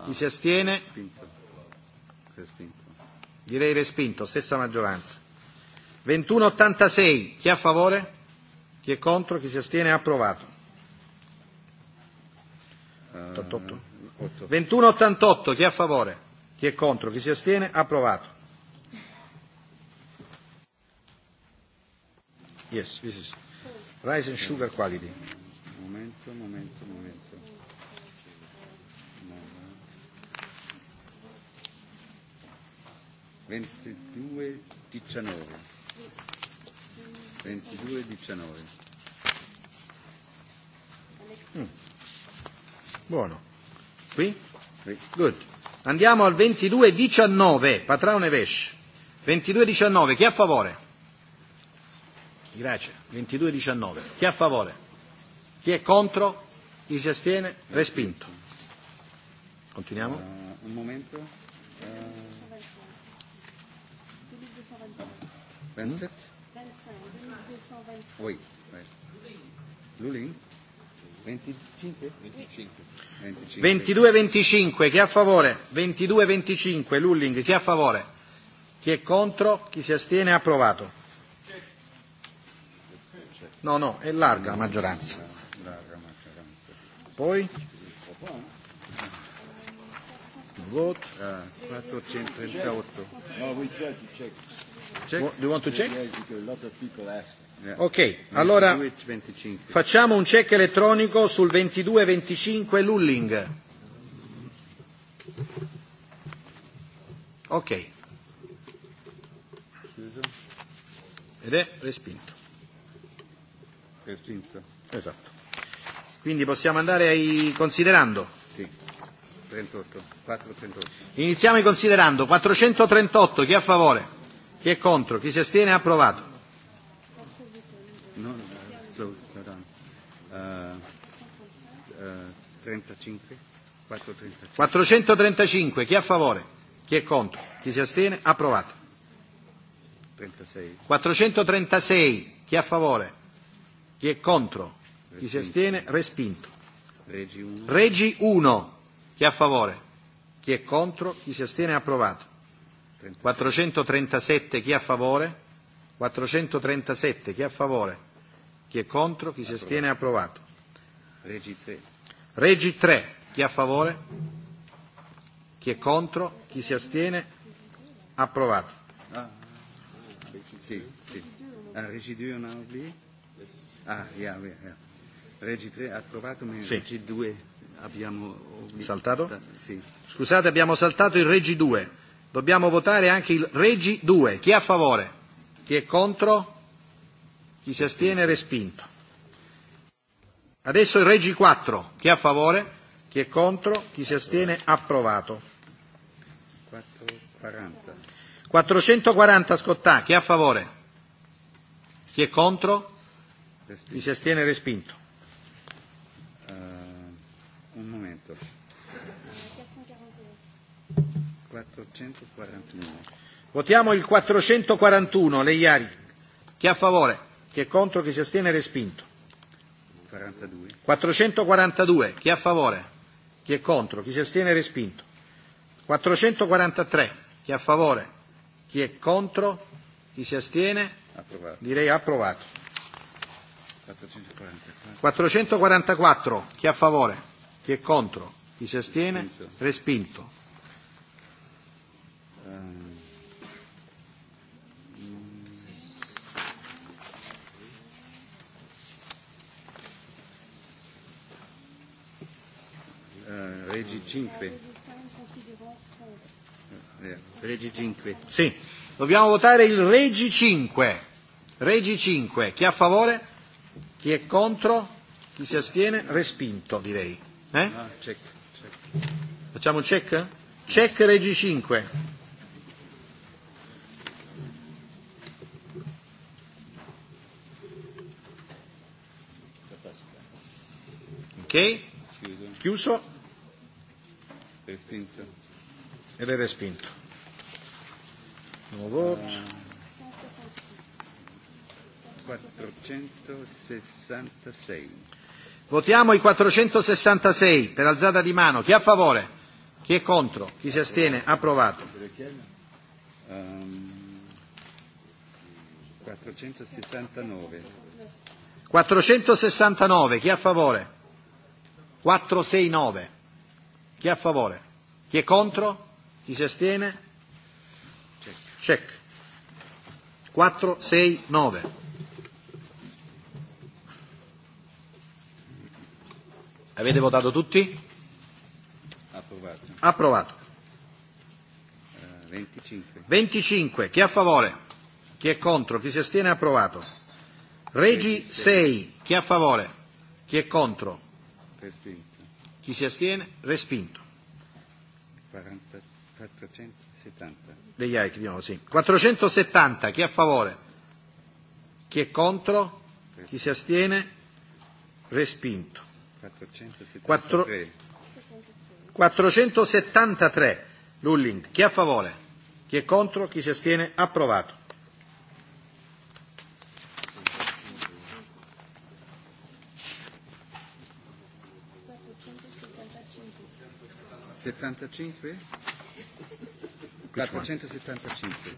Chi si astiene? Respinto. Respinto. Direi respinto, stessa maggioranza. 2186, chi è a favore? Chi è contro? Chi si astiene? Approvato. 88. 2188 chi è a favore? Chi è contro? Chi si astiene? Approvato. Yes, this is rice sugar quality. Momento, momento, momento. 22, 19. 22, 19. Buono qui? Good. Andiamo al 2219, Patrao Neves. 2219, chi è a favore? Grazie. 2219, chi è a favore? Chi è contro? Chi si astiene? Respinto. Continuiamo. un momento. Uh... 25, Oui. Oui. Luling? 22-25, chi è a favore? 22-25, Lulling, chi è a favore? Chi è contro? Chi si astiene? Approvato. No, no, è larga la maggioranza. Poi? Vote. 438. No, we check. check. Do you want to check? A lot of Ok, allora facciamo un check elettronico sul 22-25 Lulling. Ok. Ed è respinto. Respinto. Esatto. Quindi possiamo andare ai considerando. Sì. 38. 438. Iniziamo i considerando. 438. Chi è a favore? Chi è contro? Chi si astiene? Approvato. No, slow, slow down. 35. 435. Chi è a favore? Chi è contro? Chi si astiene? Approvato. 36. 436. Chi è a favore? Chi è contro? Chi si astiene? Respinto. Regi 1. Regi 1. Chi è a favore? Chi è contro? Chi si astiene? Approvato. 437. Chi è a favore? 437. Chi è a favore? Chi è contro? Chi si astiene? Approvato. Regi 3. Regi 3. Chi è a favore? Chi è contro? Chi si astiene? Approvato. Ah, Regi 2 non ha Ah, yeah, yeah, yeah. Regi 3 approvato, ma sì. Regi 2 abbiamo saltato? Sì. Scusate, abbiamo saltato il Regi 2. Dobbiamo votare anche il Regi 2. Chi è a favore? Chi è contro? Chi si astiene respinto. Adesso il Regi 4. Chi è a favore? Chi è contro? Chi si astiene approvato. 440. 440 Scottà. Chi è a favore? Chi è contro? Chi si astiene respinto. un momento. 441. Votiamo il 441, Leiari. Chi è a favore? Chi è contro? Chi si astiene? Respinto. 42. 442. Chi è a favore? Chi è contro? Chi si astiene? Respinto. 443. Chi è a favore? Chi è contro? Chi si astiene? Direi approvato. 444. Chi è a favore? Chi è contro? Chi si astiene? Respinto. Regi 5. Regi 5. Sì. Dobbiamo votare il Regi 5. Regi 5. Chi è a favore? Chi è contro? Chi si astiene? Respinto, direi. Eh? check, check. Facciamo check? Check Regi 5. Ok? Chiuso. Respinto. è respinto. No voto. 466. Votiamo i 466 per alzata di mano. Chi è a favore? Chi è contro? Chi si astiene? Approvato. 469. 469. Chi è a favore? 469. Chi è a favore? Chi è contro? Chi si astiene? Check. 4, 6, 9. Avete votato tutti? Approvato. Approvato. 25. 25. Chi è a favore? Chi è contro? Chi si astiene? Approvato. Regi 6. Chi è a favore? Chi è contro? Respinto. Chi si astiene? Respinto. 470. 470, chi è a favore? Chi è contro? Chi si astiene? Respinto. 473. 473. Lulling, chi è a favore? Chi è contro? Chi si astiene? Approvato. 75? 475.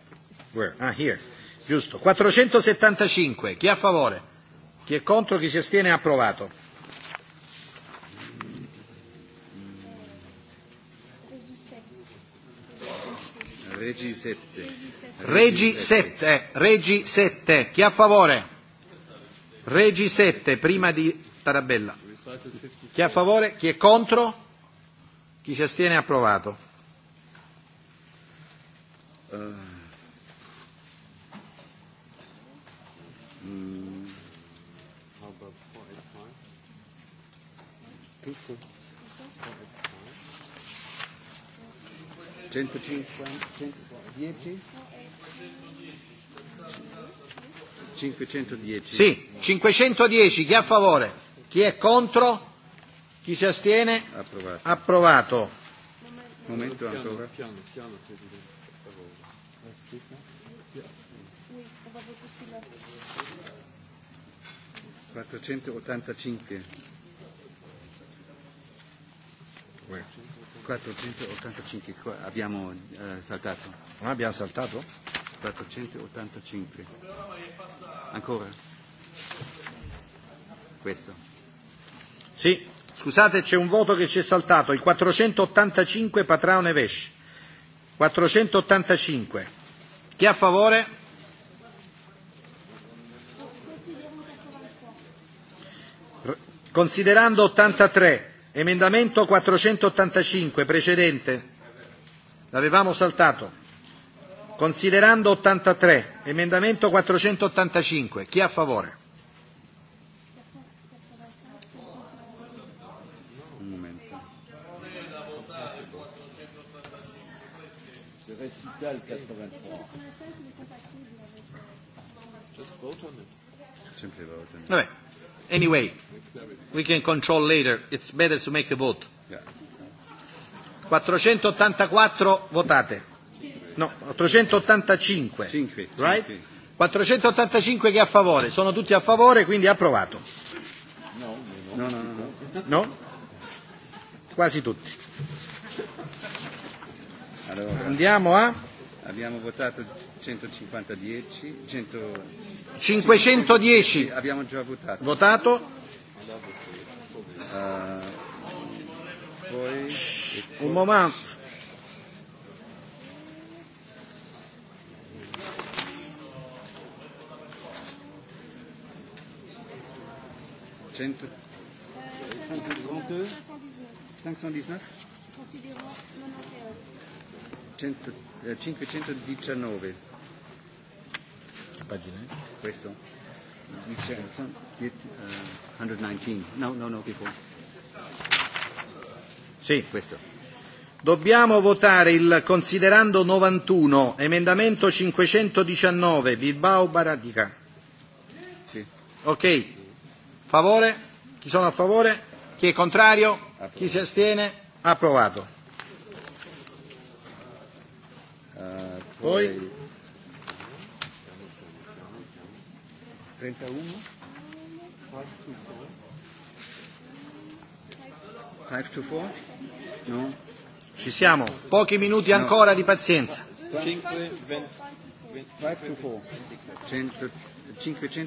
Where? Ah, here. Giusto. 475. Chi è a favore? Chi è contro? Chi si astiene? approvato. Regi 7. Regi 7. Regi 7. Chi è a favore? Regi 7. Prima di Tarabella. Chi è a favore? Chi è contro? Chi si astiene approvato. 510. Sì, 510, chi è a favore? Chi è contro? Chi si astiene? Approvato. Approvato. Momento ancora. 485. 485 abbiamo saltato. Non abbiamo saltato? 485. Ancora? Questo. Sì. Scusate, c'è un voto che ci è saltato, il 485 Patrao Neves. 485. Chi a favore? Considerando 83, emendamento 485 precedente, l'avevamo saltato. Considerando 83, emendamento 485, chi è a favore? pas le 83. Anyway, we can control later. It's better to make a vote. Yeah. 484 votate. No, 485. 5, right? 485 che a favore. Sono tutti a favore, quindi approvato. No, no, no. No? no? Quasi tutti. Allora. Andiamo a Abbiamo votato 150 10, 510. Abbiamo già votato. Votato. Un momento. Cento... 519. 519 pagina questo no no no sì Dobbiamo votare il considerando 91, emendamento 519, Bilbao Baradica. Sì. Ok. Favore? Chi sono a favore? Chi è contrario? Chi si astiene? Approvato. Poi 31 5 to 4 No. Ci siamo, pochi minuti ancora di pazienza.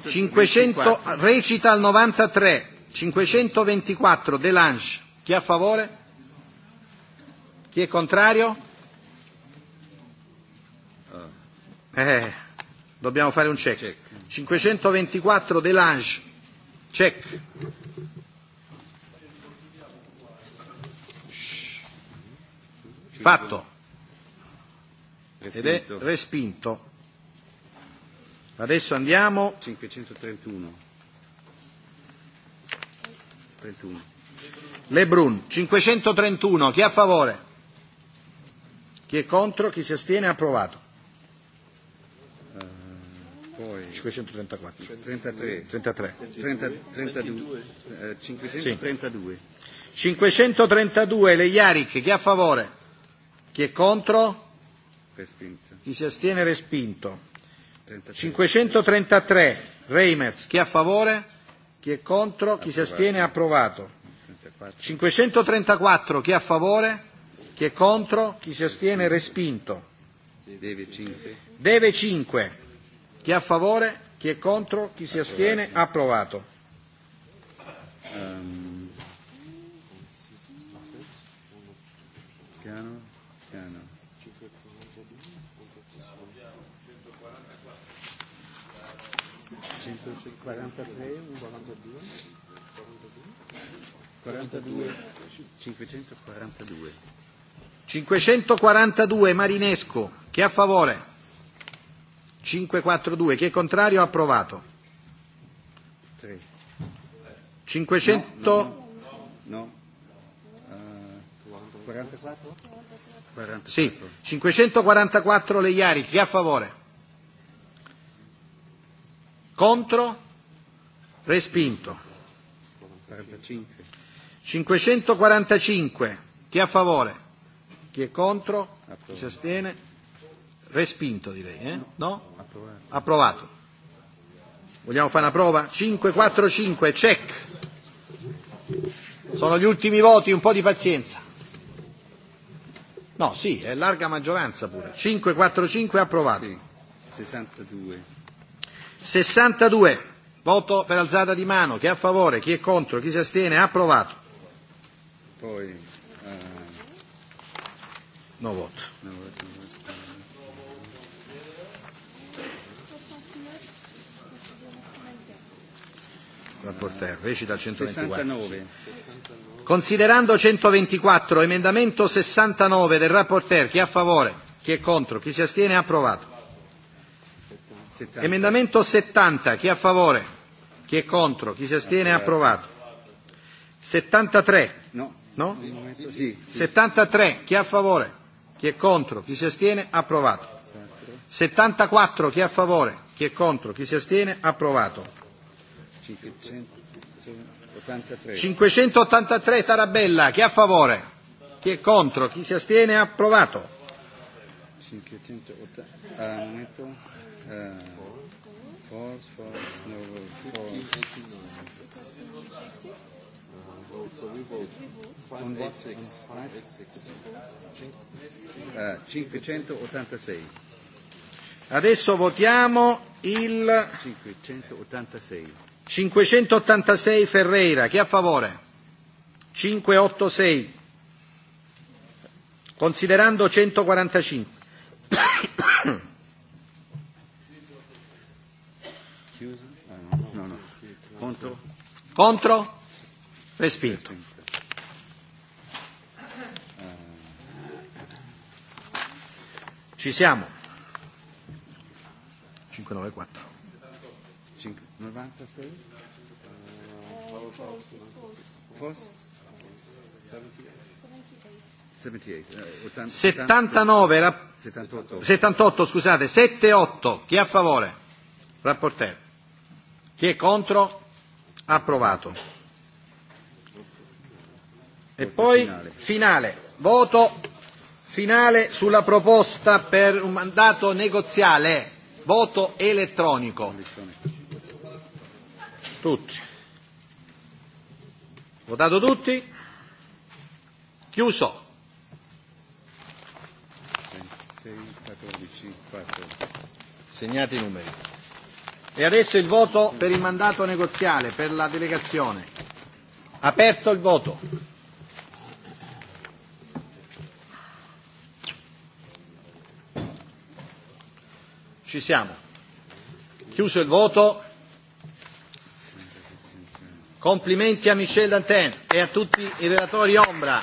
500 recita al 93, 524 Delange. Chi è a favore? Chi è contrario? Eh, dobbiamo fare un check. check. 524 Delange. Check. Fatto. Ed è respinto. Adesso andiamo. 531. 31. Lebrun, 531. Chi è a favore? Chi è contro? Chi si astiene? Approvato. 534, 532. 532 Leiaric, chi è a favore? Chi è contro? Respinto. Chi si astiene respinto. 533 Reimers, chi a favore? Chi è contro? Chi si astiene approvato. 534 chi è a favore? Chi è contro? Chi si astiene respinto. Deve 5. Deve 5. Chi è a favore? Chi è contro? Chi si astiene? Approvato. 542 Cinquecentoquarantadue Marinesco. Chi è a favore? 542. Chi è contrario? Approvato. 500. No. 44? Sì. 544 Leiari. Chi è a favore? Contro? Respinto. 45. 545. Chi è a favore? Chi è contro? si astiene? Respinto direi, eh? No? Approvato. Vogliamo fare una prova? 5, 4, 5 check. Sono gli ultimi voti, un po' di pazienza. No, sì, è larga maggioranza pure. 5, 4, 5, approvato. 62. 62. Voto per alzata di mano. Chi è a favore? Chi è contro? Chi si astiene? Approvato. Poi. No voto. recita 124. 69. Considerando 124, emendamento 69 del rapporteur, chi è a favore, chi è contro, chi si astiene, approvato. Emendamento 70, chi è a favore, chi è contro, chi si astiene, approvato. 73, no? no? 73, chi è a favore, chi è contro, chi si astiene, approvato. 74, chi è a favore, chi è contro, chi si astiene, approvato. 583. Tarabella, chi è a favore? Chi è contro? Chi si astiene? Approvato. 586. Adesso votiamo il 586. 586 Ferreira, chi è a favore? 586. Considerando 145. Contro? Contro? Respinto. Ci siamo. 594. 78. 79, 78. 78, scusate, 78. Chi è a favore? Rapporter. Chi è contro? Approvato. E poi finale. Voto finale sulla proposta per un mandato negoziale. Voto elettronico tutti. Votato tutti? Chiuso. Segnati i numeri. E adesso il voto per il mandato negoziale, per la delegazione. Aperto il voto. Ci siamo. Chiuso il voto. Complimenti a Michel Dantin e a tutti i relatori ombra.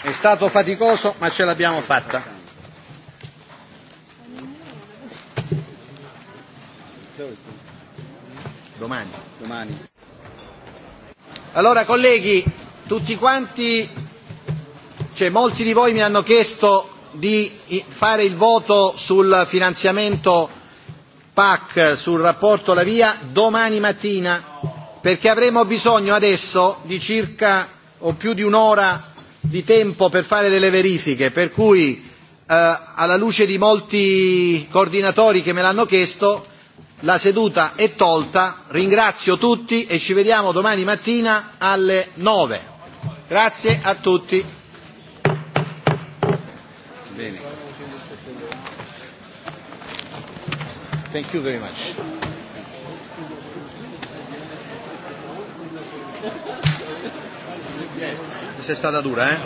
È stato faticoso ma ce l'abbiamo fatta. Domani. Domani. Allora colleghi, tutti quanti, cioè molti di voi mi hanno chiesto di fare il voto sul finanziamento PAC sul rapporto La Via domani mattina, perché avremo bisogno adesso di circa o più di un'ora di tempo per fare delle verifiche, per cui alla luce di molti coordinatori che me l'hanno chiesto la seduta è tolta, ringrazio tutti e ci vediamo domani mattina alle 9. Grazie a tutti. Bene. Thank you very much. Yes, se è stata dura, eh?